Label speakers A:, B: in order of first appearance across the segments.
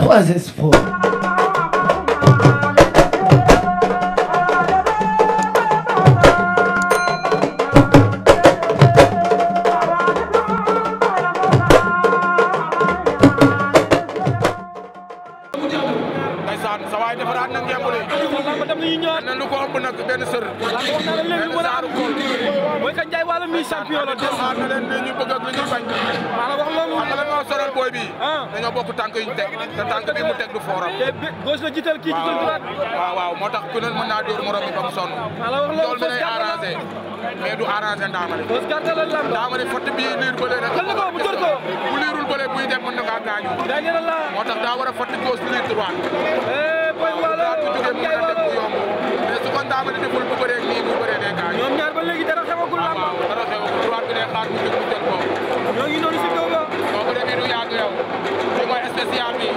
A: Trois espoirs. romb nag benn sër. benn saaru kool. mooy ka Ndiaye wala mi champion la. xaar na leen li ñu bëgg ak li ñuy bañ. maa la wax loolu. xam nga lan moo soral booy bi. Ah. dañoo bokk tànk yi ñu teg te tànk bi mu teg du fooram. te gauche la jiital kii jiital droite. waaw waaw moo tax ku ne mën naa dóor morom bi ba mu sonn. maa la wax loolu loolu day arrangé mais du arrangé ndaamale. gauche gàttal la lamb. ndaamale fatt bi liir bële rek. xel na ko bu jël ko. bu liirul bële buy dem mën na kaa gaañu. moo tax daa war a fatt gauche liir droite. booy wala am man daa ma ne deful bu bëree nii bu bëree day gaañ. ñoom ñaar ba léegi dara xewagul làmb. waaw dara xewagul droit bi day xaar mu jóg mu jël ko. ñoo ngi noonu si kaw la. boo ko defee du yàgg yow. li mooy spécial bi.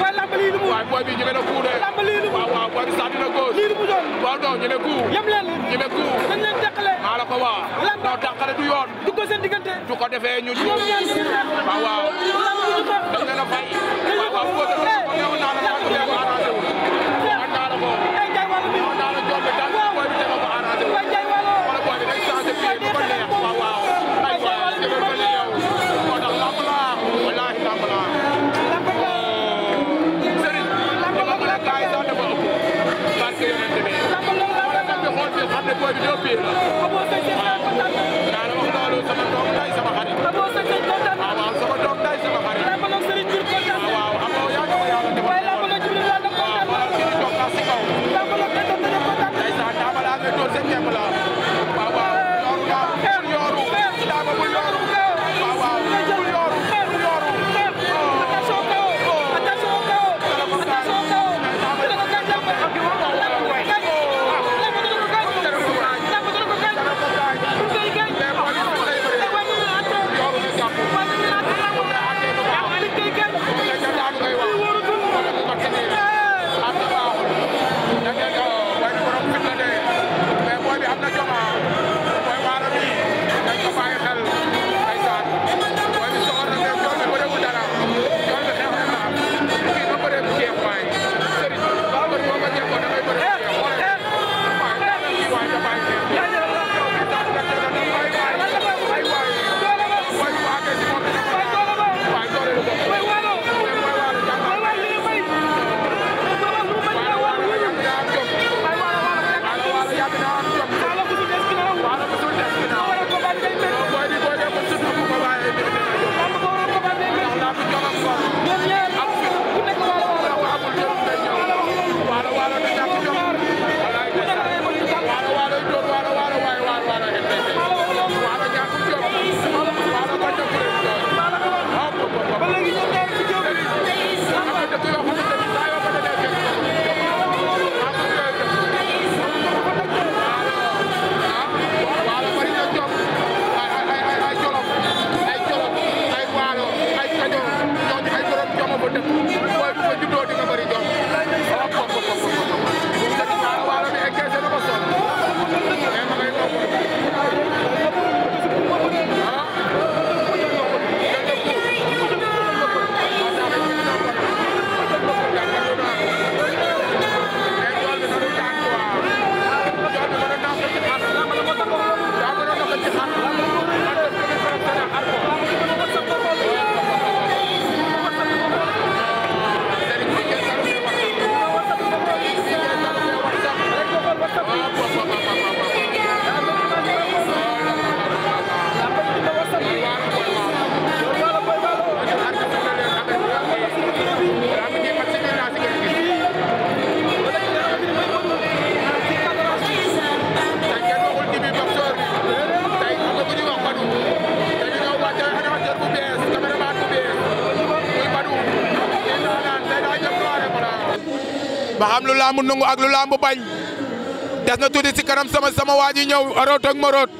A: waaye lamb lii lu waaye booy bi ñu ne kuu de. lamb lii lu mu waaw waaw booy bi saa dina doon waaw non ñu ne kuu. yem leen ñu ne kuu. dañ leen jàqale. maa la ko waa. lamb non tàqale du du ko seen diggante. du ko defee ñu. ñoom biir ba xam lu làmb nangu ak lu làmb bañ des na tuuti si kanam sama sama waa ji ñëw aroot ak maroot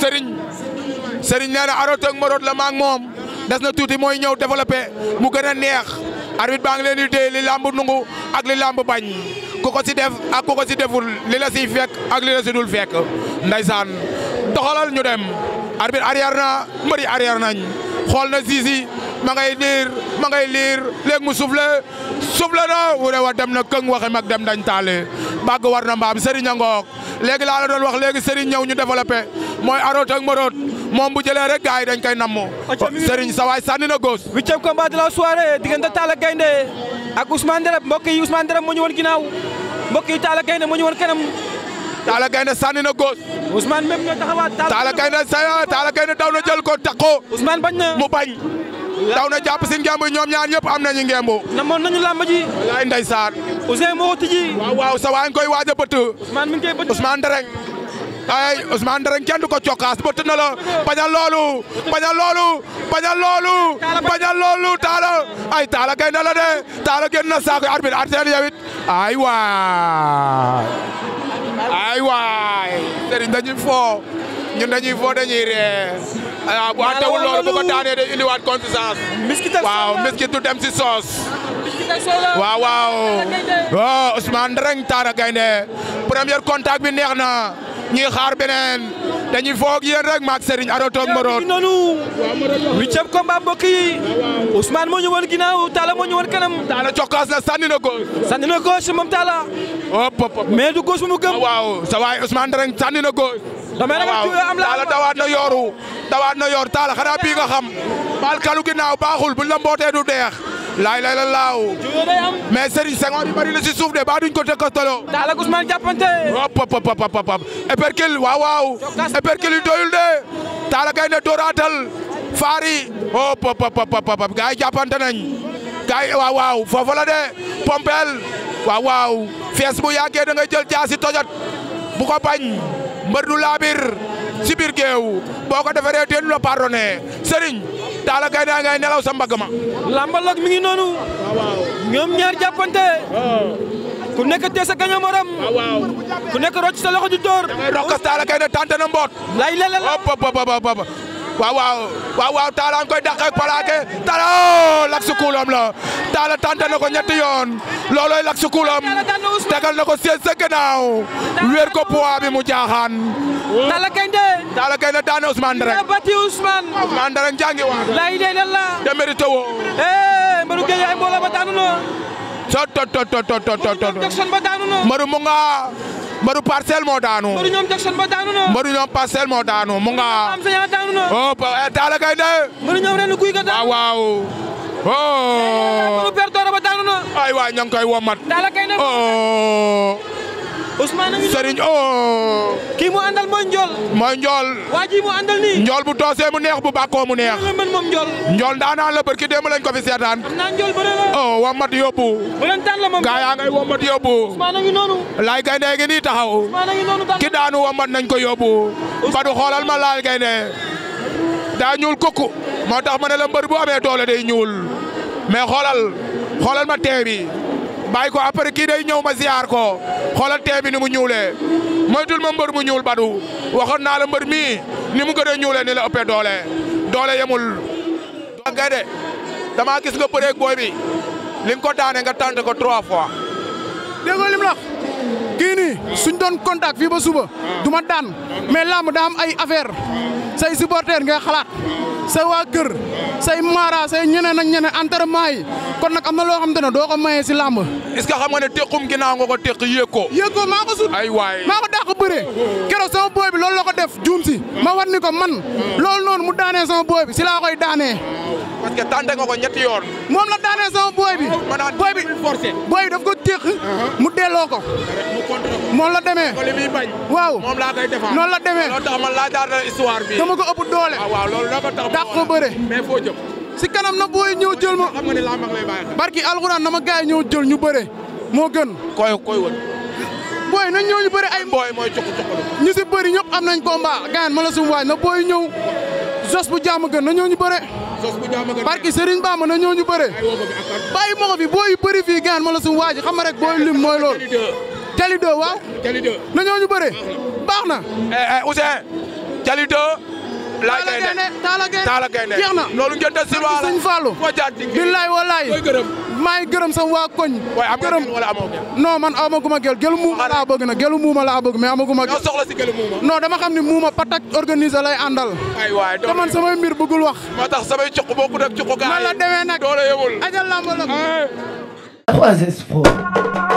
A: sëriñ sëriñ nee na aroot ak maroot la maag moom des na tuuti mooy ñëw développé mu gën a neex arbitre baa ngi leen di dee li làmb nangu ak li làmb bañ ku ko si def ak ku ko si deful li la siy fekk ak li la si dul fekk ndaysaan doxalal ñu dem arbitre arrière na mbëri arrière nañ xool na ziizi ma ngay liir ma ngay liir léegi mu soufflé soufflé na wure wa dem na këng waxe mag dem dañ taale bàgg war na mbaam Serigne Ngoog léegi laa la doon wax léegi Serigne ñëw ñu développé mooy aroot ak maroot moom bu jëlee rek gars yi dañ koy nammoo. Serigne sa waay sànni na góos. huitième combat de la soirée diggante Talla Gaynde ak Ousmane Dereb mbokk yi Ousmane Dereb moo ñu ginaaw mbok mbokk yi Talla Gaynde moo ñu woon kanam. Talla Gaynde sànni na góos. Ousmane même ñoo taxawaat. Talla Gaynde sa na jël ko tax ko. bañ na daw na jàpp si ngemb ñoom ñaar ñëpp am nañu ngemb. namoon nañu làmb ji. wallaay ndeysaan. Ousseyn waaw sa waa koy waaj a bëtt. Ousmane Dereng. ay Ousmane Dereng kenn ko cokkaas bëtt na la bañal loolu. bañal loolu bañal loolu. bañal loolu taala ay taala gay na la de taala génn na saako arbitre arbitre yow it ay waay ay waay sëriñ dañuy ñun dañuy foo dañuy ree ah, bu àttewul loolu bu ko daanee day indiwaat consistance waaw dem si soos waaw waaw waaw oh, Ousmane Ndreng Talla Gaindé premier contact bi neex na ñuy xaar beneen dañuy fo yéen rek maak Serigne Aroto ak Morot noonu huitième combat mbokk yi Ousmane moo ñu woon ginnaaw Talla moo ñu woon kanam Talla cokkaas na sànni na gauche sànni na gauche moom Talla mais du gauche mu gëm ah, waaw sa waay Ousmane Ndreng sànni na gauche damay ragal am la taala dawaat na yooru dawaat na yoor taala xanaa bii nga xam baal kalu ginnaaw baaxul buñ la mbootee du deex laay la laaw mais Serigne Senghor yi si suuf de ba duñ ko te taala ak Ousmane jàppante hop épercule waaw waaw épercule yi doyul de taala gay ne dóoraatal faari hop hop hop gaay jàppante nañ gaay waaw waaw foofu de pompel waaw waaw fees bu yàggee da nga jël jaasi tojat bu ko bañ mbër du laabir si biir géew boo ko defaree teen la pardonné sëriñ Talla Gaindé ngay nelaw sa mbagg ma. lamba lak mi ngi noonu. ñoom ñaar jàppante. ku nekk te sa gaña morom. ku nekk rocc sa loxo door. da ngay rokkas Talla Gaindé tante na mboot. lay la la la waaw waa waa waaw Talla nga koy dàq ak plaqué Talla oh la Talla tànte na ko ñetti yoon loolooy lakk su kuulam tegal na ko sées sa gannaaw wéer ko poids bi mu jaaxaan. Talla Gaindé Talla Gaindé daan na Ousmane Ndereng dina bati Ousmane. Ousmane Ndereng jàngi waat. lay de lan la. te mérite woo. Eh, mbaru géej ay ba daanu noo. tot mu nga. mbaru parcelle daanu. mbaru ñoom Jackson ba daanu na. mbaru ñoom parcelle daanu mu nga. am sa yaa daanu na. oh eh, Talla Gaindé. mbaru ñoom ren guy ga daanu. waaw waaw. oh. mbaru womat. Talla Gaindé. oh. Ousmane Serigne oh. kii mu àndal mooy Ndiol. mooy Ndiol. bu toosee mu neex bu bàkkoo mu neex. man moom Ndiol. Ndiol daanaan la lañ ko fi seetaan. am naa Ndiol oh, yóbbu. bu leen yóbbu. Ousmane a ngi noonu. laay gaynde nii taxaw. Ousmane ki daanu wamat nañ ko yóbbu. Fadu xoolal ma laay gaynde. daa ñuul kukku. moo tax ma ne la mbër bu amee doole day ñuul. mais xoolal xoolal ma tee bàyyi ko après kii day ñëw ma ziar ko xoolal tee bi ni mu ñuulee moytul ma mbër mu ñuul badu waxoon naa la mbër mii ni mu gën a ñuulee ni la ëppee doole doole yemul gay de damaa gis nga bëreeg booy bi li nga ko daane nga tànt ko trois fois déggoo lim la kii nii suñ doon contact fii ba suba du ma daan mais làmb daa am ay affaire say supporter nga xalaat say waa kër say mara say ñeneen ak ñeneen entraînement yi kon nag am na loo xam te ne doo ko maye si làmb. est-ce que ne tequm ginnaaw nga ko teq yéeg ko. yéeg ko maa ko sut ay waay maa ko dàq bëre keroog sama booy bi loolu la ko def juum ma war ni ko man loolu noonu mu daanee sama booy bi si laa koy daanee. parce que ko ñetti yoon. moom la daanee sama booy bi. booy bi booy bi daf ko téq mu delloo ko. moom la demee. li muy bañ. waaw moom laa koy defar. noonu la demee. loolu tax man laa daanee histoire bi. dama ko ëpp doole. Ah, waaw bëre. si kanam na booy ñëw jël ma. xam nga ne laa mag lay barki alxuraan na ma gars yi jël ñu bëre moo gën. koy koy wër. booy nañ ñëw ñu bëri ay. booy mooy ñu si bëri ñëpp am nañ combat gaan ma la suñu waaj na booy ñëw jos bu jaam gën na ñëw ñu bëre. jos bu jaam gën barki Serigne Bamba na ñëw ñu bëre. bàyyi ma ko fi booy yu bëri fii gaan ma la waaj xam rek booy lim mooy loolu. Jali 2 waaw. na ñëw ñu bëre baax na. Eh, eh, Ousseyn Jali 2 laay gaynde taala gaynde jeex na loolu ngeen si waala sëñ Fallou ko jaar ci billaay wallaay maa ngi gërëm sama waa koñ gërëm wala amoo non man amaguma gel gelu muuma laa bëgg na gelu muuma laa bëgg mais amaguma gel soxla si gelu muuma non dama xam ne muuma patak organiser lay àndal ay waay te man samay mbir bëggul wax moo tax samay cuq bokku def cuq gaay man la demee nag doole yëmul ajal lamb la